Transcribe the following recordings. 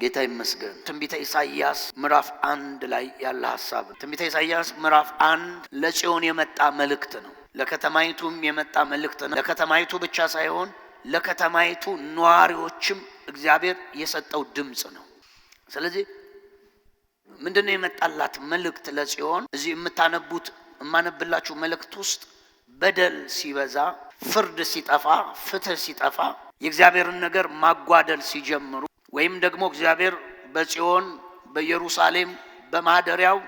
ጌታ ይመስገን። ትንቢተ ኢሳይያስ ምዕራፍ አንድ ላይ ያለ ሀሳብ ትንቢተ ኢሳይያስ ምዕራፍ አንድ ለጽዮን የመጣ መልእክት ነው። ለከተማይቱም የመጣ መልእክት ነው። ለከተማይቱ ብቻ ሳይሆን ለከተማይቱ ነዋሪዎችም እግዚአብሔር የሰጠው ድምፅ ነው። ስለዚህ ምንድነው የመጣላት መልእክት ለጽዮን? እዚህ የምታነቡት የማነብላችሁ መልእክት ውስጥ በደል ሲበዛ፣ ፍርድ ሲጠፋ፣ ፍትህ ሲጠፋ፣ የእግዚአብሔርን ነገር ማጓደል ሲጀምሩ ወይም ደግሞ እግዚአብሔር በጽዮን በኢየሩሳሌም በማደሪያው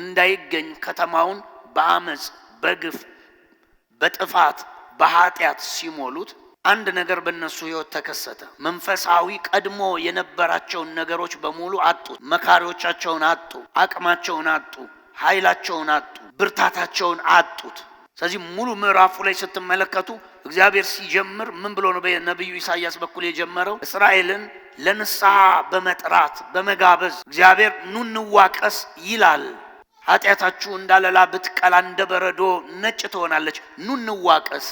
እንዳይገኝ ከተማውን በአመፅ በግፍ በጥፋት በኃጢአት ሲሞሉት አንድ ነገር በእነሱ ህይወት ተከሰተ። መንፈሳዊ ቀድሞ የነበራቸውን ነገሮች በሙሉ አጡ። መካሪዎቻቸውን አጡ። አቅማቸውን አጡ። ኃይላቸውን አጡ፣ ብርታታቸውን አጡት። ስለዚህ ሙሉ ምዕራፉ ላይ ስትመለከቱ እግዚአብሔር ሲጀምር ምን ብሎ ነው በነቢዩ ኢሳያስ በኩል የጀመረው? እስራኤልን ለንስሐ በመጥራት በመጋበዝ እግዚአብሔር ኑ እንዋቀስ ይላል። ኃጢአታችሁ እንዳለላ ብትቀላ እንደ በረዶ ነጭ ትሆናለች። ኑ እንዋቀስ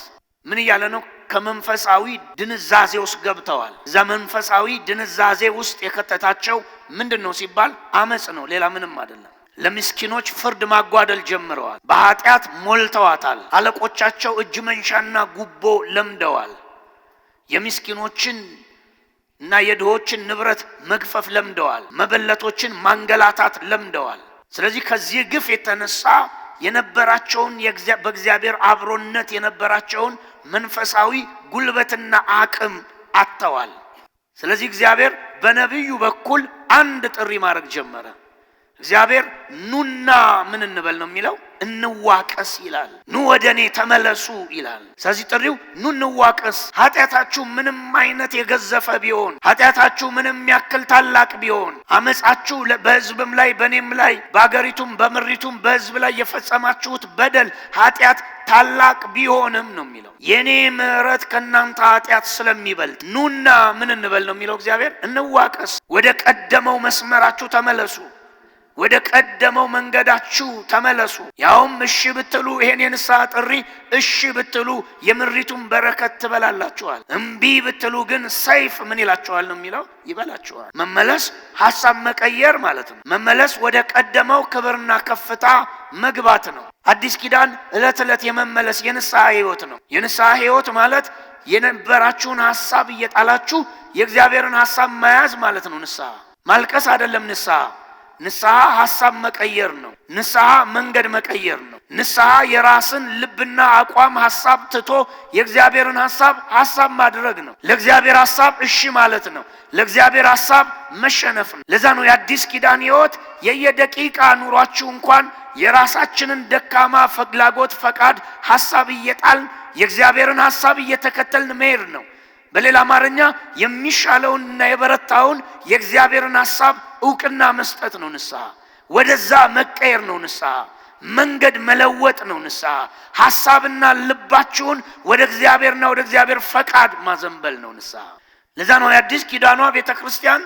ምን እያለ ነው? ከመንፈሳዊ ድንዛዜ ውስጥ ገብተዋል። እዛ መንፈሳዊ ድንዛዜ ውስጥ የከተታቸው ምንድን ነው ሲባል አመፅ ነው፣ ሌላ ምንም አይደለም። ለምስኪኖች ፍርድ ማጓደል ጀምረዋል። በኃጢአት ሞልተዋታል። አለቆቻቸው እጅ መንሻና ጉቦ ለምደዋል። የምስኪኖችን እና የድሆችን ንብረት መግፈፍ ለምደዋል። መበለቶችን ማንገላታት ለምደዋል። ስለዚህ ከዚህ ግፍ የተነሳ የነበራቸውን በእግዚአብሔር አብሮነት የነበራቸውን መንፈሳዊ ጉልበትና አቅም አጥተዋል። ስለዚህ እግዚአብሔር በነቢዩ በኩል አንድ ጥሪ ማድረግ ጀመረ። እግዚአብሔር ኑና ምን እንበል ነው የሚለው፣ እንዋቀስ ይላል። ኑ ወደ እኔ ተመለሱ ይላል። ስለዚህ ጥሪው ኑ እንዋቀስ። ኃጢአታችሁ ምንም አይነት የገዘፈ ቢሆን፣ ኃጢአታችሁ ምንም ያክል ታላቅ ቢሆን፣ አመፃችሁ በህዝብም ላይ በእኔም ላይ በአገሪቱም በምሪቱም በህዝብ ላይ የፈጸማችሁት በደል ኃጢአት ታላቅ ቢሆንም ነው የሚለው የእኔ ምሕረት ከእናንተ ኃጢአት ስለሚበልጥ ኑና ምን እንበል ነው የሚለው እግዚአብሔር እንዋቀስ፣ ወደ ቀደመው መስመራችሁ ተመለሱ ወደ ቀደመው መንገዳችሁ ተመለሱ። ያውም እሺ ብትሉ ይሄን የንስሐ ጥሪ እሺ ብትሉ የምሪቱን በረከት ትበላላችኋል። እምቢ ብትሉ ግን ሰይፍ ምን ይላችኋል ነው የሚለው ይበላችኋል። መመለስ ሀሳብ መቀየር ማለት ነው። መመለስ ወደ ቀደመው ክብርና ከፍታ መግባት ነው። አዲስ ኪዳን ዕለት ዕለት የመመለስ የንስሐ ህይወት ነው። የንስሐ ህይወት ማለት የነበራችሁን ሀሳብ እየጣላችሁ የእግዚአብሔርን ሀሳብ መያዝ ማለት ነው። ንስሐ ማልቀስ አይደለም። ንስሐ ንስሐ ሀሳብ መቀየር ነው። ንስሐ መንገድ መቀየር ነው። ንስሐ የራስን ልብና አቋም ሀሳብ ትቶ የእግዚአብሔርን ሀሳብ ሀሳብ ማድረግ ነው። ለእግዚአብሔር ሀሳብ እሺ ማለት ነው። ለእግዚአብሔር ሀሳብ መሸነፍ ነው። ለዛ ነው የአዲስ ኪዳን ሕይወት የየደቂቃ ኑሯችሁ እንኳን የራሳችንን ደካማ ፍላጎት፣ ፈቃድ፣ ሀሳብ እየጣልን የእግዚአብሔርን ሀሳብ እየተከተልን መሄድ ነው። በሌላ አማርኛ የሚሻለውንና የበረታውን የእግዚአብሔርን ሐሳብ እውቅና መስጠት ነው ንስሐ። ወደዛ መቀየር ነው ንስሐ። መንገድ መለወጥ ነው ንስሐ። ሐሳብና ልባችሁን ወደ እግዚአብሔርና ወደ እግዚአብሔር ፈቃድ ማዘንበል ነው ንስሐ። ለዛ ነው የአዲስ ኪዳኗ ቤተ ክርስቲያን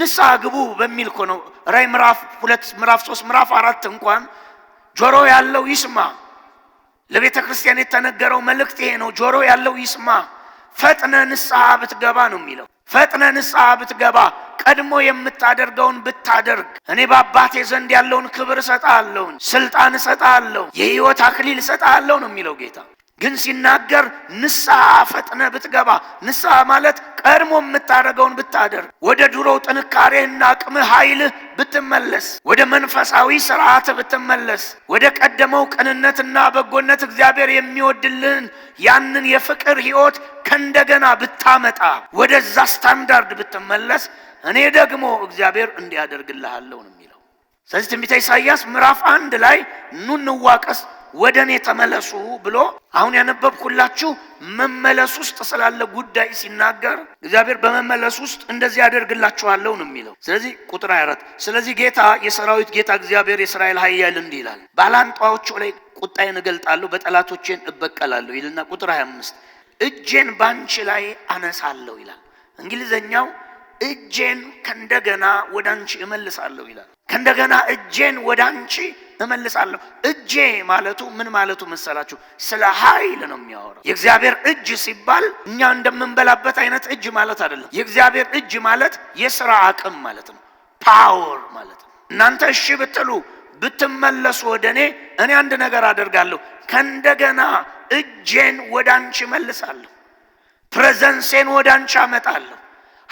ንስሐ ግቡ በሚል እኮ ነው። ራይ ምዕራፍ ሁለት ምዕራፍ ሶስት ምዕራፍ አራት እንኳን ጆሮ ያለው ይስማ። ለቤተ ክርስቲያን የተነገረው መልእክት ይሄ ነው። ጆሮ ያለው ይስማ ፈጥነ ንስሐ ብትገባ ነው የሚለው። ፈጥነ ንስሐ ብትገባ ቀድሞ የምታደርገውን ብታደርግ እኔ በአባቴ ዘንድ ያለውን ክብር እሰጥሃለሁ፣ ስልጣን እሰጥሃለሁ፣ የህይወት አክሊል እሰጥሃለሁ ነው የሚለው ጌታ። ግን ሲናገር ንስሐ ፈጥነ ብትገባ፣ ንስሐ ማለት ቀድሞ የምታደርገውን ብታደርግ፣ ወደ ድሮው ጥንካሬህና አቅምህ ኃይልህ ብትመለስ፣ ወደ መንፈሳዊ ስርዓት ብትመለስ፣ ወደ ቀደመው ቅንነትና በጎነት እግዚአብሔር የሚወድልን ያንን የፍቅር ሕይወት ከእንደገና ብታመጣ፣ ወደዛ ስታንዳርድ ብትመለስ፣ እኔ ደግሞ እግዚአብሔር እንዲያደርግልሃለሁ ነው የሚለው። ስለዚህ ትንቢተ ኢሳይያስ ምዕራፍ አንድ ላይ ኑ እንዋቀስ ወደ እኔ ተመለሱ ብሎ አሁን ያነበብኩላችሁ መመለስ ውስጥ ስላለ ጉዳይ ሲናገር እግዚአብሔር በመመለስ ውስጥ እንደዚህ ያደርግላችኋለሁ ነው የሚለው። ስለዚህ ቁጥር አያረት ስለዚህ ጌታ የሰራዊት ጌታ እግዚአብሔር የእስራኤል ኃያል እንዲህ ይላል ባላንጣዎቹ ላይ ቁጣዬን እገልጣለሁ፣ በጠላቶቼን እበቀላለሁ ይልና ቁጥር 25 እጄን ባንቺ ላይ አነሳለሁ ይላል። እንግሊዘኛው እጄን ከእንደገና ወደ አንቺ እመልሳለሁ ይላል። ከእንደገና እጄን ወደ አንቺ እመልሳለሁ። እጄ ማለቱ ምን ማለቱ መሰላችሁ? ስለ ኃይል ነው የሚያወራው። የእግዚአብሔር እጅ ሲባል እኛ እንደምንበላበት አይነት እጅ ማለት አይደለም። የእግዚአብሔር እጅ ማለት የስራ አቅም ማለት ነው፣ ፓወር ማለት ነው። እናንተ እሺ ብትሉ ብትመለሱ ወደ እኔ እኔ አንድ ነገር አደርጋለሁ፣ ከእንደገና እጄን ወደ አንቺ መልሳለሁ፣ ፕሬዘንሴን ወደ አንቺ አመጣለሁ፣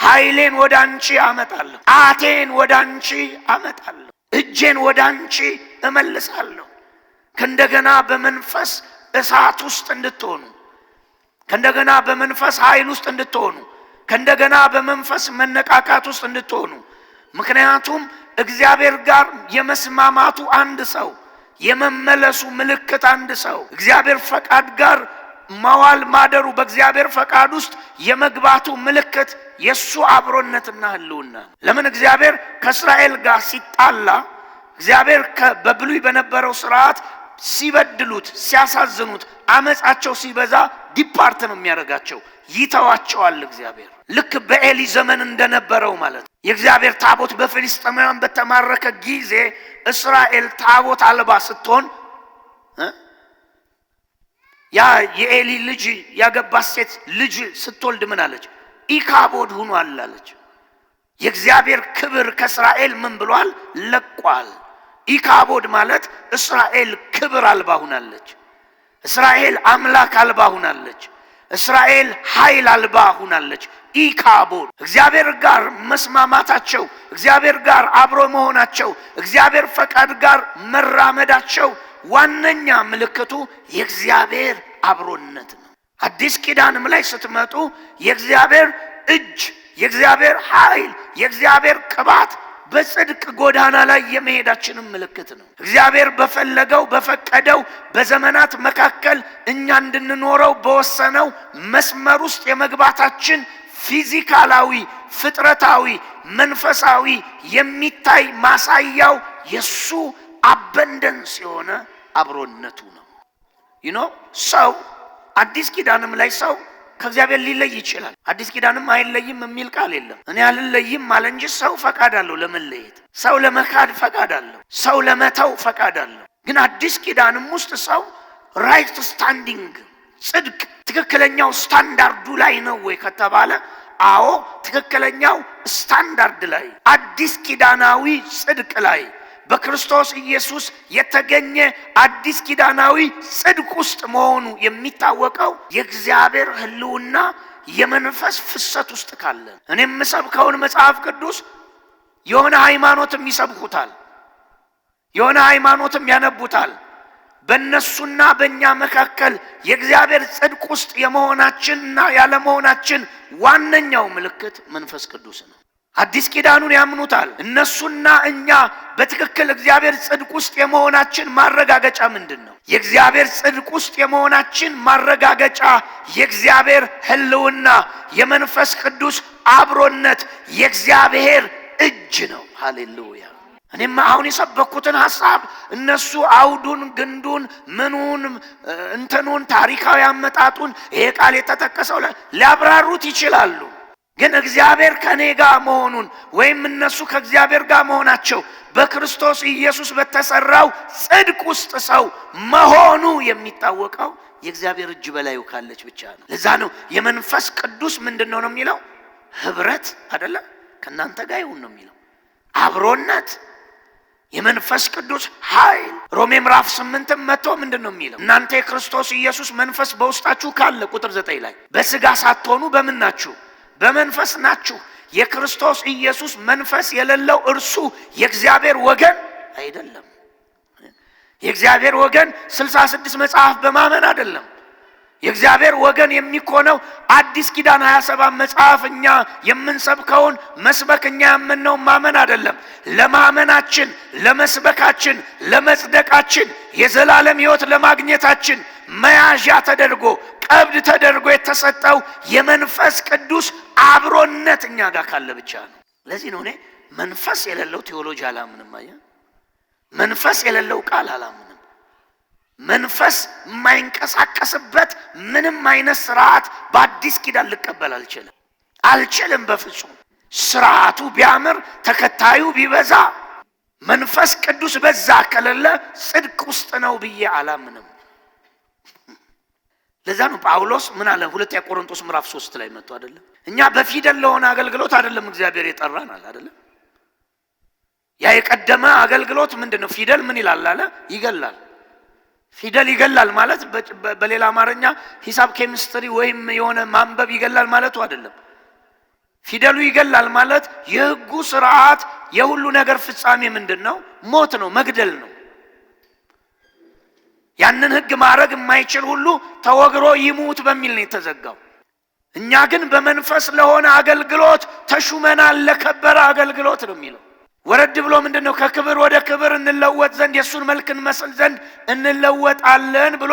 ኃይሌን ወደ አንቺ አመጣለሁ፣ አቴን ወደ አንቺ አመጣለሁ፣ እጄን ወደ አንቺ እመልሳለሁ። ከእንደገና በመንፈስ እሳት ውስጥ እንድትሆኑ፣ ከእንደገና በመንፈስ ኃይል ውስጥ እንድትሆኑ፣ ከእንደገና በመንፈስ መነቃቃት ውስጥ እንድትሆኑ። ምክንያቱም እግዚአብሔር ጋር የመስማማቱ አንድ ሰው የመመለሱ ምልክት አንድ ሰው እግዚአብሔር ፈቃድ ጋር መዋል ማደሩ በእግዚአብሔር ፈቃድ ውስጥ የመግባቱ ምልክት የእሱ አብሮነትና ህልውና። ለምን እግዚአብሔር ከእስራኤል ጋር ሲጣላ እግዚአብሔር በብሉይ በነበረው ስርዓት ሲበድሉት፣ ሲያሳዝኑት፣ አመፃቸው ሲበዛ ዲፓርት ነው የሚያደርጋቸው፣ ይተዋቸዋል። እግዚአብሔር ልክ በኤሊ ዘመን እንደነበረው ማለት ነው። የእግዚአብሔር ታቦት በፊልስጤማውያን በተማረከ ጊዜ እስራኤል ታቦት አልባ ስትሆን ያ የኤሊ ልጅ ያገባት ሴት ልጅ ስትወልድ ምን አለች? ኢካቦድ ሁኗል አለች። የእግዚአብሔር ክብር ከእስራኤል ምን ብሏል? ለቋል። ኢካቦድ ማለት እስራኤል ክብር አልባ ሁናለች። እስራኤል አምላክ አልባ ሁናለች። እስራኤል ኃይል አልባ ሁናለች። ኢካቦድ እግዚአብሔር ጋር መስማማታቸው፣ እግዚአብሔር ጋር አብሮ መሆናቸው፣ እግዚአብሔር ፈቃድ ጋር መራመዳቸው ዋነኛ ምልክቱ የእግዚአብሔር አብሮነት ነው። አዲስ ኪዳንም ላይ ስትመጡ የእግዚአብሔር እጅ፣ የእግዚአብሔር ኃይል፣ የእግዚአብሔር ቅባት በጽድቅ ጎዳና ላይ የመሄዳችንም ምልክት ነው። እግዚአብሔር በፈለገው በፈቀደው በዘመናት መካከል እኛ እንድንኖረው በወሰነው መስመር ውስጥ የመግባታችን ፊዚካላዊ፣ ፍጥረታዊ፣ መንፈሳዊ የሚታይ ማሳያው የእሱ አበንደንስ የሆነ አብሮነቱ ነው። ይኖ ሰው አዲስ ኪዳንም ላይ ሰው ከእግዚአብሔር ሊለይ ይችላል። አዲስ ኪዳንም አይለይም የሚል ቃል የለም። እኔ አልለይም አለ እንጂ ሰው ፈቃድ አለው ለመለየት፣ ሰው ለመካድ ፈቃድ አለው፣ ሰው ለመተው ፈቃድ አለው። ግን አዲስ ኪዳንም ውስጥ ሰው ራይት ስታንዲንግ ጽድቅ ትክክለኛው ስታንዳርዱ ላይ ነው ወይ ከተባለ አዎ፣ ትክክለኛው ስታንዳርድ ላይ አዲስ ኪዳናዊ ጽድቅ ላይ በክርስቶስ ኢየሱስ የተገኘ አዲስ ኪዳናዊ ጽድቅ ውስጥ መሆኑ የሚታወቀው የእግዚአብሔር ሕልውና የመንፈስ ፍሰት ውስጥ ካለ። እኔ የምሰብከውን መጽሐፍ ቅዱስ የሆነ ሃይማኖትም ይሰብኩታል፣ የሆነ ሃይማኖትም ያነቡታል። በእነሱና በእኛ መካከል የእግዚአብሔር ጽድቅ ውስጥ የመሆናችንና ያለመሆናችን ዋነኛው ምልክት መንፈስ ቅዱስ ነው። አዲስ ኪዳኑን ያምኑታል። እነሱና እኛ በትክክል እግዚአብሔር ጽድቅ ውስጥ የመሆናችን ማረጋገጫ ምንድን ነው? የእግዚአብሔር ጽድቅ ውስጥ የመሆናችን ማረጋገጫ የእግዚአብሔር ሕልውና፣ የመንፈስ ቅዱስ አብሮነት፣ የእግዚአብሔር እጅ ነው። ሃሌሉያ። እኔም አሁን የሰበኩትን ሀሳብ እነሱ አውዱን፣ ግንዱን፣ ምኑን፣ እንትኑን፣ ታሪካዊ አመጣጡን ይሄ ቃል የተጠቀሰው ሊያብራሩት ይችላሉ። ግን እግዚአብሔር ከኔ ጋር መሆኑን ወይም እነሱ ከእግዚአብሔር ጋር መሆናቸው በክርስቶስ ኢየሱስ በተሰራው ጽድቅ ውስጥ ሰው መሆኑ የሚታወቀው የእግዚአብሔር እጅ በላዩ ካለች ብቻ ነው። ለዛ ነው የመንፈስ ቅዱስ ምንድን ነው ነው የሚለው ህብረት አይደለም፣ ከእናንተ ጋር ይሁን ነው የሚለው አብሮነት የመንፈስ ቅዱስ ኃይል ሮሜ ምዕራፍ ስምንትም መጥቶ ምንድን ነው የሚለው? እናንተ የክርስቶስ ኢየሱስ መንፈስ በውስጣችሁ ካለ ቁጥር ዘጠኝ ላይ በስጋ ሳትሆኑ በምን ናችሁ? በመንፈስ ናችሁ። የክርስቶስ ኢየሱስ መንፈስ የሌለው እርሱ የእግዚአብሔር ወገን አይደለም። የእግዚአብሔር ወገን ስልሳ ስድስት መጽሐፍ በማመን አይደለም። የእግዚአብሔር ወገን የሚኮነው አዲስ ኪዳን ሀያ ሰባት መጽሐፍ እኛ የምንሰብከውን መስበክ እኛ የምነውን ማመን አይደለም። ለማመናችን፣ ለመስበካችን፣ ለመጽደቃችን የዘላለም ሕይወት ለማግኘታችን መያዣ ተደርጎ ቀብድ ተደርጎ የተሰጠው የመንፈስ ቅዱስ አብሮነት እኛ ጋር ካለ ብቻ ነው። ለዚህ ነው እኔ መንፈስ የሌለው ቴዎሎጂ አላምንም። አየ መንፈስ የሌለው ቃል አላምንም። መንፈስ የማይንቀሳቀስበት ምንም አይነት ስርዓት በአዲስ ኪዳን ልቀበል አልችልም አልችልም በፍጹም። ስርዓቱ ቢያምር ተከታዩ ቢበዛ መንፈስ ቅዱስ በዛ ከሌለ ጽድቅ ውስጥ ነው ብዬ አላምንም። ለዛ ነው ጳውሎስ ምን አለ? ሁለተኛ ቆሮንቶስ ምዕራፍ ሶስት ላይ መጥቶ አይደለም እኛ በፊደል ለሆነ አገልግሎት አይደለም እግዚአብሔር የጠራን አለ አይደለም። ያ የቀደመ አገልግሎት ምንድን ነው? ፊደል ምን ይላል አለ? ይገላል። ፊደል ይገላል ማለት በሌላ አማርኛ ሂሳብ፣ ኬሚስትሪ ወይም የሆነ ማንበብ ይገላል ማለቱ አይደለም። ፊደሉ ይገላል ማለት የሕጉ ስርዓት የሁሉ ነገር ፍጻሜ ምንድን ነው? ሞት ነው፣ መግደል ነው። ያንን ህግ ማድረግ የማይችል ሁሉ ተወግሮ ይሙት በሚል ነው የተዘጋው። እኛ ግን በመንፈስ ለሆነ አገልግሎት ተሹመናል፣ ለከበረ አገልግሎት ነው የሚለው። ወረድ ብሎ ምንድን ነው? ከክብር ወደ ክብር እንለወጥ ዘንድ የእሱን መልክ እንመስል ዘንድ እንለወጣለን ብሎ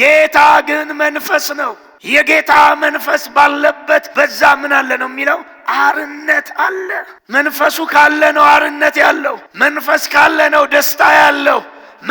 ጌታ ግን መንፈስ ነው። የጌታ መንፈስ ባለበት በዛ ምን አለ ነው የሚለው አርነት አለ። መንፈሱ ካለ ነው አርነት ያለው። መንፈስ ካለ ነው ደስታ ያለው።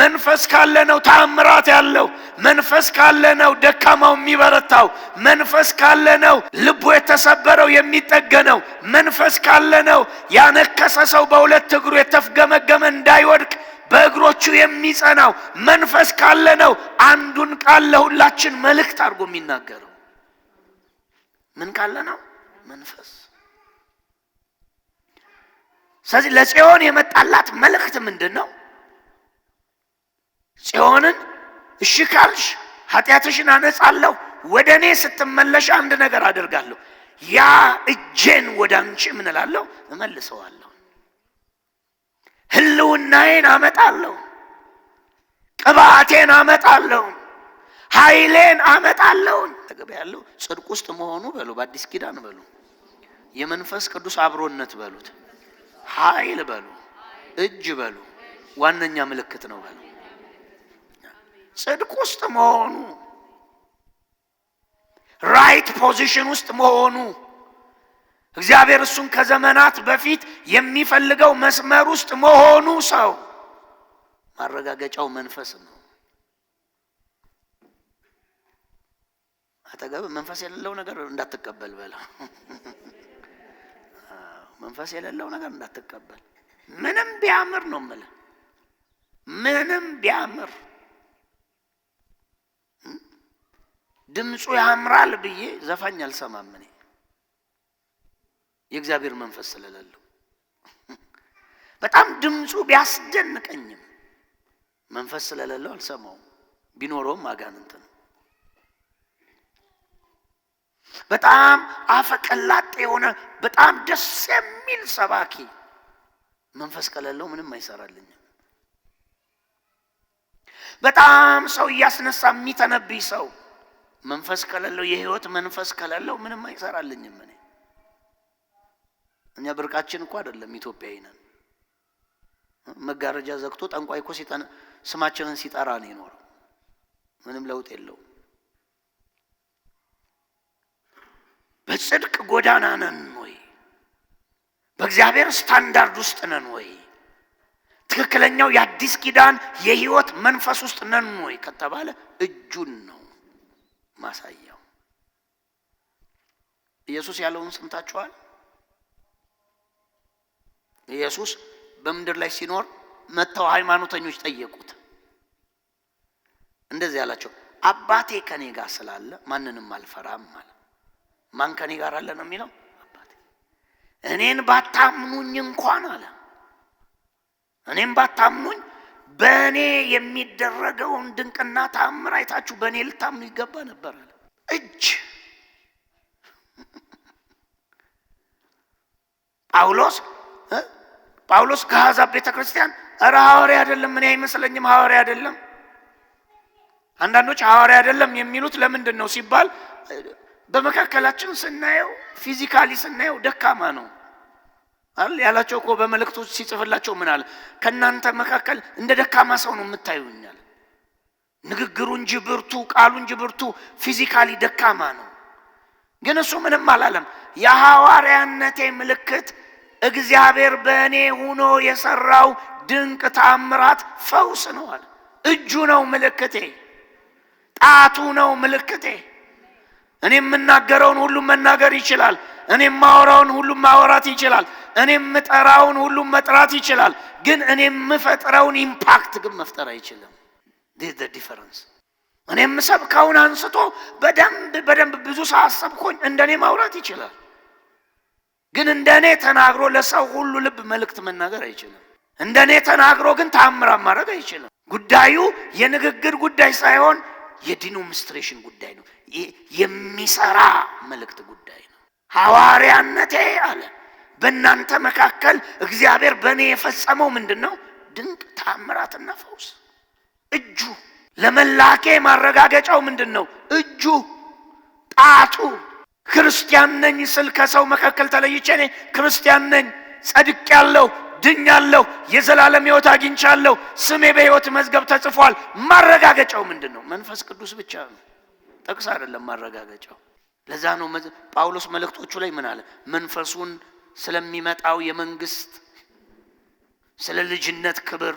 መንፈስ ካለ ነው ተአምራት ያለው። መንፈስ ካለ ነው ደካማው የሚበረታው። መንፈስ ካለ ነው ልቡ የተሰበረው የሚጠገነው። መንፈስ ካለ ነው ያነከሰ ሰው በሁለት እግሩ የተፍገመገመ እንዳይወድቅ በእግሮቹ የሚጸናው። መንፈስ ካለ ነው አንዱን ቃል ለሁላችን መልእክት አድርጎ የሚናገረው። ምን ካለ ነው መንፈስ። ስለዚህ ለጽዮን የመጣላት መልእክት ምንድን ነው? ጽዮንን እሺ ካልሽ ኃጢአትሽን አነጻለሁ፣ ወደ እኔ ስትመለሽ አንድ ነገር አደርጋለሁ፣ ያ እጄን ወደ አንቺ ምንላለሁ እመልሰዋለሁ፣ ህልውናዬን አመጣለሁ፣ ቅባቴን አመጣለሁ፣ ኃይሌን አመጣለሁ። ተገበ ያለው ጽድቅ ውስጥ መሆኑ በሉ፣ በአዲስ ኪዳን በሉ፣ የመንፈስ ቅዱስ አብሮነት በሉት፣ ኃይል በሉ፣ እጅ በሉ፣ ዋነኛ ምልክት ነው በሉ ጽድቅ ውስጥ መሆኑ፣ ራይት ፖዚሽን ውስጥ መሆኑ እግዚአብሔር እሱን ከዘመናት በፊት የሚፈልገው መስመር ውስጥ መሆኑ ሰው ማረጋገጫው መንፈስ ነው። አጠገብ መንፈስ የሌለው ነገር እንዳትቀበል በለው። መንፈስ የሌለው ነገር እንዳትቀበል። ምንም ቢያምር ነው የምልህ፣ ምንም ቢያምር ድምፁ ያምራል ብዬ ዘፋኝ አልሰማም። እኔ የእግዚአብሔር መንፈስ ስለሌለው በጣም ድምፁ ቢያስደንቀኝም መንፈስ ስለሌለው አልሰማውም። ቢኖረውም አጋንንት ነው። በጣም አፈቀላጤ የሆነ በጣም ደስ የሚል ሰባኪ መንፈስ ከሌለው ምንም አይሰራልኝም። በጣም ሰው እያስነሳ የሚተነብይ ሰው መንፈስ ከሌለው የህይወት መንፈስ ከሌለው ምንም አይሰራልኝም። እኔ እኛ ብርቃችን እኮ አይደለም ኢትዮጵያዊ ነን። መጋረጃ ዘግቶ ጠንቋይ እኮ ስማችንን ሲጠራ ነው የኖረው። ምንም ለውጥ የለውም። በጽድቅ ጎዳና ነን ወይ? በእግዚአብሔር ስታንዳርድ ውስጥ ነን ወይ? ትክክለኛው የአዲስ ኪዳን የህይወት መንፈስ ውስጥ ነን ወይ ከተባለ እጁን ነው ማሳያው። ኢየሱስ ያለውን ሰምታችኋል። ኢየሱስ በምድር ላይ ሲኖር መጥተው ሃይማኖተኞች ጠየቁት። እንደዚህ ያላቸው አባቴ ከኔ ጋር ስላለ ማንንም አልፈራም አለ። ማን ከኔ ጋር አለ ነው የሚለው? አባቴ እኔን ባታምኑኝ እንኳን አለ እኔን ባታምኑኝ በእኔ የሚደረገውን ድንቅና ተአምር አይታችሁ በእኔ ልታምኑ ይገባ ነበር አለ። እጅ ጳውሎስ ጳውሎስ ከአሕዛብ ቤተ ክርስቲያን እረ ሐዋርያ አይደለም፣ እኔ አይመስለኝም ሐዋርያ አይደለም። አንዳንዶች ሐዋርያ አይደለም የሚሉት ለምንድን ነው ሲባል በመካከላችን ስናየው ፊዚካሊ ስናየው ደካማ ነው። አይደል ያላቸው እኮ በመልእክቶች ሲጽፍላቸው ምን አለ? ከእናንተ መካከል እንደ ደካማ ሰው ነው የምታዩኛል። ንግግሩ እንጂ ብርቱ፣ ቃሉ እንጂ ብርቱ፣ ፊዚካሊ ደካማ ነው። ግን እሱ ምንም አላለም። የሐዋርያነቴ ምልክት እግዚአብሔር በእኔ ሆኖ የሰራው ድንቅ ታምራት ፈውስ ነው አለ። እጁ ነው ምልክቴ፣ ጣቱ ነው ምልክቴ። እኔ የምናገረውን ሁሉም መናገር ይችላል። እኔ ማወራውን ሁሉ ማወራት ይችላል። እኔ ምጠራውን ሁሉ መጥራት ይችላል። ግን እኔ የምፈጥረውን ኢምፓክት ግን መፍጠር አይችልም። ዲስ ዘ ዲፈረንስ። እኔ የምሰብከውን አንስቶ በደንብ በደንብ ብዙ ሳሰብኩኝ እንደኔ ማውራት ይችላል። ግን እንደኔ ተናግሮ ለሰው ሁሉ ልብ መልእክት መናገር አይችልም። እንደኔ ተናግሮ ግን ተአምራት ማድረግ አይችልም። ጉዳዩ የንግግር ጉዳይ ሳይሆን የዲኖሚኒስትሬሽን ጉዳይ ነው። የሚሰራ መልእክት ጉዳይ ነው። ሐዋርያነቴ አለ በእናንተ መካከል እግዚአብሔር በእኔ የፈጸመው ምንድን ነው? ድንቅ ታምራትና ፈውስ። እጁ ለመላኬ ማረጋገጫው ምንድን ነው? እጁ ጣቱ። ክርስቲያን ነኝ ስል ከሰው መካከል ተለይቼ እኔ ክርስቲያን ነኝ፣ ድኝ ድኛለሁ፣ የዘላለም ሕይወት አግኝቻለሁ፣ ስሜ በሕይወት መዝገብ ተጽፏል። ማረጋገጫው ምንድን ነው? መንፈስ ቅዱስ ብቻ ነው። ጥቅስ አይደለም ማረጋገጫው ለዛ ነው ጳውሎስ መልእክቶቹ ላይ ምን አለ? መንፈሱን ስለሚመጣው የመንግስት ስለ ልጅነት ክብር፣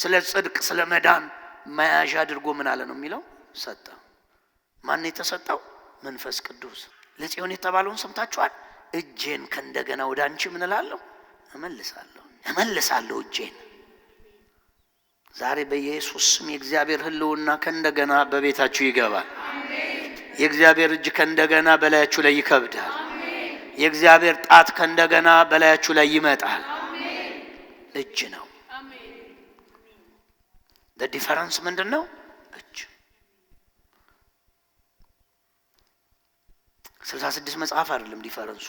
ስለ ጽድቅ፣ ስለ መዳን መያዣ አድርጎ ምን አለ ነው የሚለው ሰጠ። ማን የተሰጠው? መንፈስ ቅዱስ። ለጽዮን የተባለውን ሰምታችኋል። እጄን ከእንደገና ወደ አንቺ ምን እላለሁ? እመልሳለሁ፣ እመልሳለሁ እጄን ዛሬ በኢየሱስ ስም የእግዚአብሔር ሕልውና ከእንደገና በቤታችሁ ይገባል። የእግዚአብሔር እጅ ከእንደገና በላያችሁ ላይ ይከብዳል። የእግዚአብሔር ጣት ከእንደገና በላያችሁ ላይ ይመጣል። እጅ ነው። ዲፈረንስ ምንድን ነው? እጅ ስልሳ ስድስት መጽሐፍ አይደለም ዲፈረንሱ።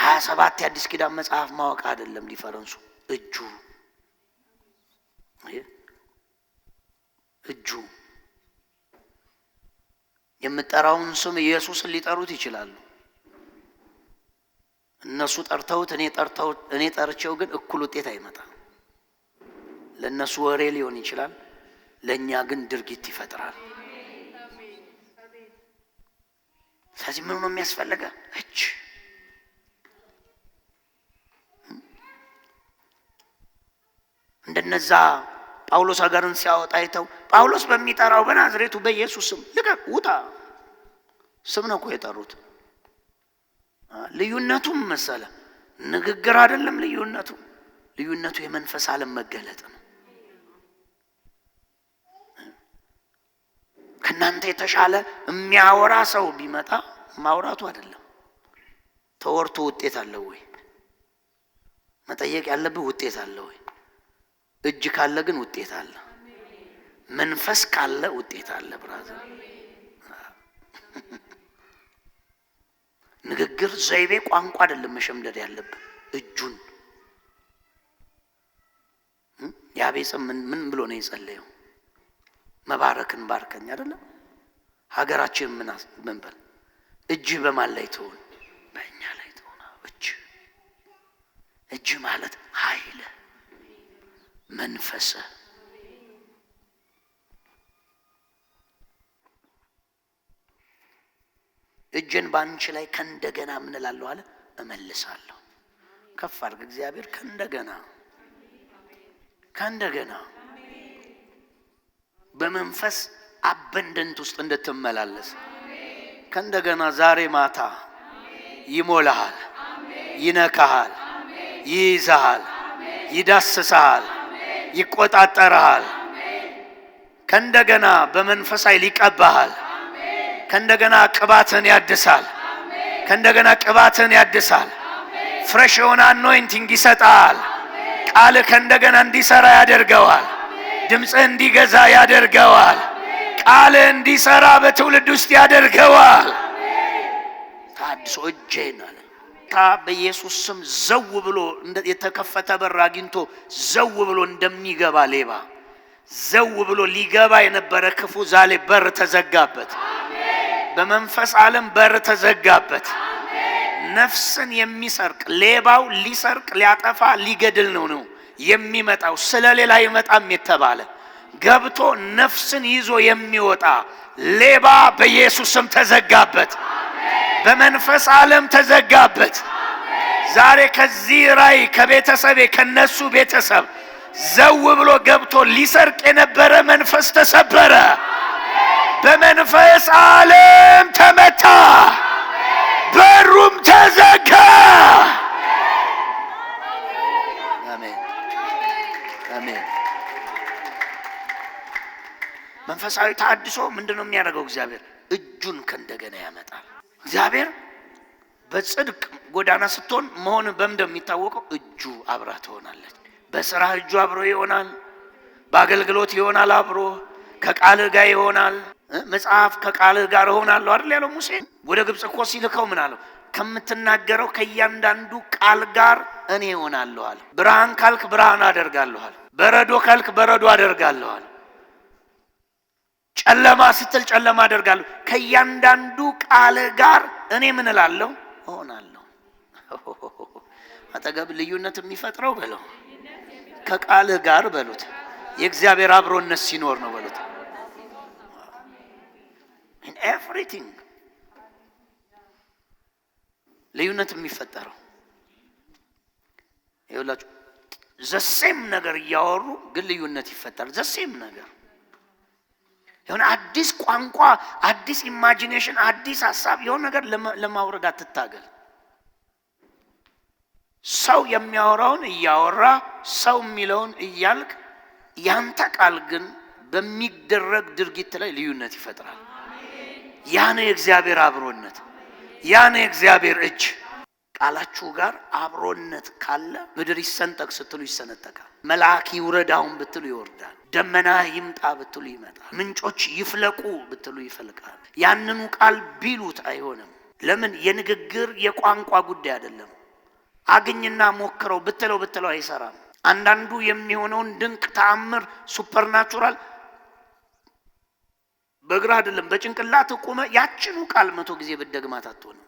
ሀያ ሰባት የአዲስ ኪዳን መጽሐፍ ማወቅ አይደለም ዲፈረንሱ። እጁ እጁ የምጠራውን ስም ኢየሱስን ሊጠሩት ይችላሉ። እነሱ ጠርተውት እኔ ጠርቸው ግን እኩል ውጤት አይመጣም። ለእነሱ ወሬ ሊሆን ይችላል፣ ለእኛ ግን ድርጊት ይፈጥራል። ስለዚህ ምን ነው የሚያስፈልገ እች እንደነዛ ጳውሎስ አገርን ሲያወጣ አይተው ጳውሎስ በሚጠራው በናዝሬቱ በኢየሱስ ስም ልቀቅ ውጣ። ስም ነው እኮ የጠሩት። ልዩነቱም መሰለ ንግግር አይደለም ልዩነቱ፣ ልዩነቱ የመንፈስ ዓለም መገለጥ ነው። ከእናንተ የተሻለ የሚያወራ ሰው ቢመጣ ማውራቱ አይደለም ተወርቶ ውጤት አለው ወይ መጠየቅ ያለብህ ውጤት አለ ወይ እጅ ካለ ግን ውጤት አለ። መንፈስ ካለ ውጤት አለ። ብራዘር ንግግር፣ ዘይቤ፣ ቋንቋ አይደለም መሸምደድ ያለብን እጁን። ያቤጽ ምን ብሎ ነው የጸለየው? መባረክን ባርከኝ አይደለም። ሀገራችን ምን በል እጅ በማን ላይ ትሆን? በእኛ ላይ ትሆን። እጅ እጅ ማለት ኃይል መንፈስ እጅን በአንቺ ላይ ከእንደገና ምንላለሁ አለ እመልሳለሁ። ከፍ አድርግ እግዚአብሔር ከእንደገና ከእንደገና በመንፈስ አበንደንት ውስጥ እንድትመላለስ ከእንደገና ዛሬ ማታ ይሞላሃል፣ ይነካሃል፣ ይይዛሃል፣ ይዳስሰሃል። ይቆጣጠርሃል። ከእንደገና በመንፈስ ኃይል ይቀባሃል። ከእንደገና ቅባትን ያድሳል። ከእንደገና ቅባትን ያድሳል። ፍሬሽ የሆነ አኖይንቲንግ ይሰጣል። ቃል ከእንደገና እንዲሰራ ያደርገዋል። ድምፅህ እንዲገዛ ያደርገዋል። ቃል እንዲሰራ በትውልድ ውስጥ ያደርገዋል። ታድሶ እጄናል የመጣ በኢየሱስ ስም ዘው ብሎ የተከፈተ በር አግኝቶ ዘው ብሎ እንደሚገባ ሌባ ዘው ብሎ ሊገባ የነበረ ክፉ ዛሌ በር ተዘጋበት። በመንፈስ ዓለም በር ተዘጋበት። ነፍስን የሚሰርቅ ሌባው ሊሰርቅ ሊያጠፋ ሊገድል ነው ነው የሚመጣው ስለሌላ አይመጣም የተባለ ገብቶ ነፍስን ይዞ የሚወጣ ሌባ በኢየሱስ ስም ተዘጋበት። በመንፈስ ዓለም ተዘጋበት። ዛሬ ከዚህ ራይ ከቤተሰቤ ከነሱ ቤተሰብ ዘው ብሎ ገብቶ ሊሰርቅ የነበረ መንፈስ ተሰበረ። በመንፈስ ዓለም ተመታ፣ በሩም ተዘጋ። መንፈሳዊ ተሐድሶ ምንድን ነው የሚያደርገው? እግዚአብሔር እጁን ከእንደገና ያመጣል። እግዚአብሔር በጽድቅ ጎዳና ስትሆን መሆን በምንድን የሚታወቀው እጁ አብራ ትሆናለች። በስራ እጁ አብሮ ይሆናል። በአገልግሎት ይሆናል። አብሮ ከቃልህ ጋር ይሆናል። መጽሐፍ ከቃልህ ጋር እሆናለሁ አይደል ያለው ሙሴ ወደ ግብፅ እኮ ሲልከው ምን አለው? ከምትናገረው ከእያንዳንዱ ቃል ጋር እኔ እሆናለሁ አለ። ብርሃን ካልክ ብርሃን አደርጋለኋል። በረዶ ካልክ በረዶ አደርጋለኋል። ጨለማ ስትል ጨለማ አደርጋለሁ፣ ከእያንዳንዱ ቃል ጋር እኔ ምን እላለሁ እሆናለሁ። አጠገብ ልዩነት የሚፈጥረው በለው ከቃልህ ጋር በሉት የእግዚአብሔር አብሮነት ሲኖር ነው በሉት። ኢን ኤቭሪቲንግ ልዩነት የሚፈጠረው ይኸውላችሁ፣ ዘሴም ነገር እያወሩ ግን ልዩነት ይፈጠራል። ዘሴም ነገር የሆነ አዲስ ቋንቋ፣ አዲስ ኢማጂኔሽን፣ አዲስ ሀሳብ የሆነ ነገር ለማውረድ አትታገል። ሰው የሚያወራውን እያወራ ሰው የሚለውን እያልክ ያንተ ቃል ግን በሚደረግ ድርጊት ላይ ልዩነት ይፈጥራል። ያ ነው የእግዚአብሔር አብሮነት፣ ያ ነው የእግዚአብሔር እጅ። ቃላችሁ ጋር አብሮነት ካለ ምድር ይሰንጠቅ ስትሉ ይሰነጠቃል። መልአክ ይውረድ አሁን ብትሉ ይወርዳል። ደመና ይምጣ ብትሉ ይመጣል። ምንጮች ይፍለቁ ብትሉ ይፈልቃል። ያንኑ ቃል ቢሉት አይሆንም። ለምን? የንግግር የቋንቋ ጉዳይ አይደለም። አግኝና ሞክረው ብትለው ብትለው አይሰራም። አንዳንዱ የሚሆነውን ድንቅ ተአምር ሱፐርናቹራል በእግር አይደለም በጭንቅላት ቆመ ያችኑ ቃል መቶ ጊዜ ብደግማት አትሆንም።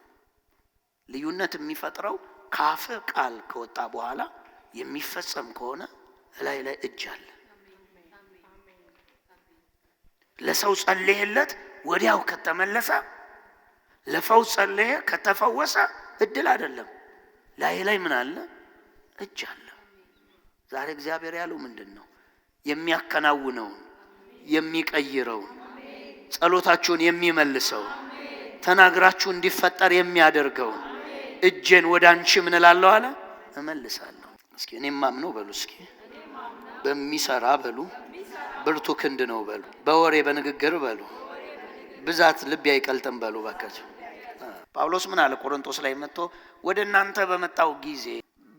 ልዩነት የሚፈጥረው ካፍ ቃል ከወጣ በኋላ የሚፈጸም ከሆነ እላይ ላይ እጅ አለ። ለሰው ጸልየለት ወዲያው ከተመለሰ ለፈውስ ጸልየ ከተፈወሰ እድል አይደለም። ላይ ላይ ምን አለ? እጅ አለ። ዛሬ እግዚአብሔር ያለው ምንድን ነው? የሚያከናውነውን የሚቀይረውን ጸሎታችሁን የሚመልሰውን ተናግራችሁ እንዲፈጠር የሚያደርገውን እጄን ወደ አንቺ ምን እላለሁ አለ እመልሳለሁ። እስኪ እኔም ማምነው በሉ፣ እስኪ በሚሰራ በሉ ብርቱ ክንድ ነው በሉ፣ በወሬ በንግግር በሉ፣ ብዛት ልብ አይቀልጥም በሉ። ባካቸው ጳውሎስ ምን አለ ቆሮንቶስ ላይ መጥቶ ወደ እናንተ በመጣው ጊዜ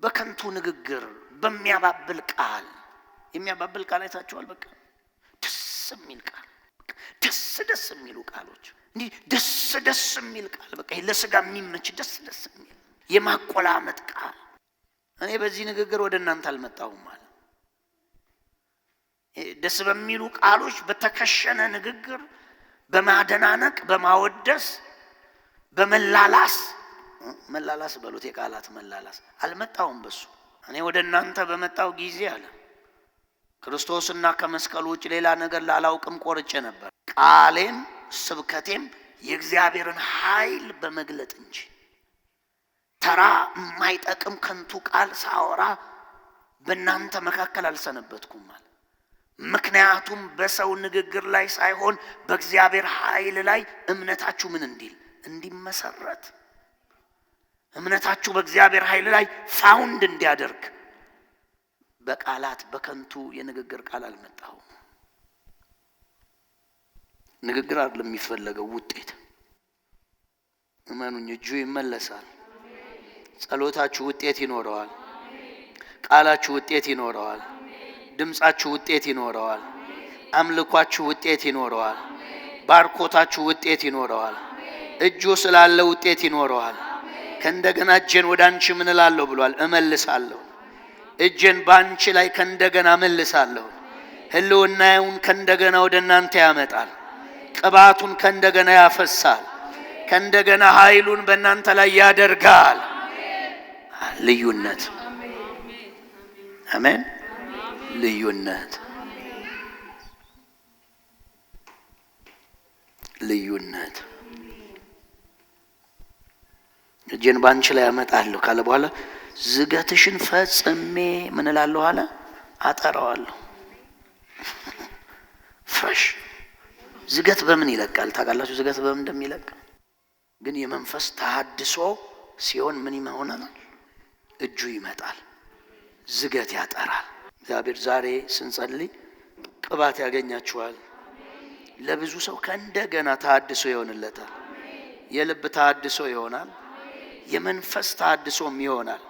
በከንቱ ንግግር በሚያባብል ቃል የሚያባብል ቃል አይታችኋል። በቃ ደስ የሚል ቃል ደስ ደስ የሚሉ ቃሎች እንዲህ ደስ ደስ የሚል ቃል በቃ ለስጋ የሚመች ደስ ደስ የሚል የማቆላመጥ ቃል። እኔ በዚህ ንግግር ወደ እናንተ አልመጣሁም አለ። ደስ በሚሉ ቃሎች፣ በተከሸነ ንግግር፣ በማደናነቅ፣ በማወደስ፣ በመላላስ መላላስ በሉት የቃላት መላላስ አልመጣውም በሱ እኔ ወደ እናንተ በመጣው ጊዜ አለ ክርስቶስና ከመስቀሉ ውጭ ሌላ ነገር ላላውቅም ቆርጬ ነበር። ቃሌም ስብከቴም የእግዚአብሔርን ኃይል በመግለጥ እንጂ ተራ የማይጠቅም ከንቱ ቃል ሳወራ በእናንተ መካከል አልሰነበትኩም አለ። ምክንያቱም በሰው ንግግር ላይ ሳይሆን በእግዚአብሔር ኃይል ላይ እምነታችሁ ምን እንዲል እንዲመሰረት እምነታችሁ በእግዚአብሔር ኃይል ላይ ፋውንድ እንዲያደርግ በቃላት በከንቱ የንግግር ቃል አልመጣሁም። ንግግር አይደለም የሚፈለገው ውጤት። እመኑኝ፣ እጁ ይመለሳል። ጸሎታችሁ ውጤት ይኖረዋል። ቃላችሁ ውጤት ይኖረዋል። ድምፃችሁ ውጤት ይኖረዋል። አምልኳችሁ ውጤት ይኖረዋል። ባርኮታችሁ ውጤት ይኖረዋል። እጁ ስላለ ውጤት ይኖረዋል። ከእንደገና እጄን ወደ አንቺ ምን እላለሁ ብሏል? እመልሳለሁ። እጄን በአንቺ ላይ ከእንደገና እመልሳለሁ። ህልውናውን ከእንደገና ወደ እናንተ ያመጣል። ቅባቱን ከእንደገና ያፈሳል። ከእንደገና ኃይሉን በእናንተ ላይ ያደርጋል። ልዩነት አሜን። ልዩነት ልዩነት እጄን በአንቺ ላይ አመጣለሁ ካለ በኋላ ዝገትሽን ፈጽሜ ምን እላለሁ አለ አጠራዋለሁ። ፈሽ ዝገት በምን ይለቃል? ታውቃላችሁ ዝገት በምን እንደሚለቅ ግን የመንፈስ ተሃድሶ ሲሆን ምን ይሆናል? እጁ ይመጣል፣ ዝገት ያጠራል። እግዚአብሔር ዛሬ ስንጸልይ ቅባት ያገኛችኋል። ለብዙ ሰው ከእንደገና ታድሶ ይሆንለታል። የልብ ታድሶ ይሆናል። የመንፈስ ታድሶም ይሆናል።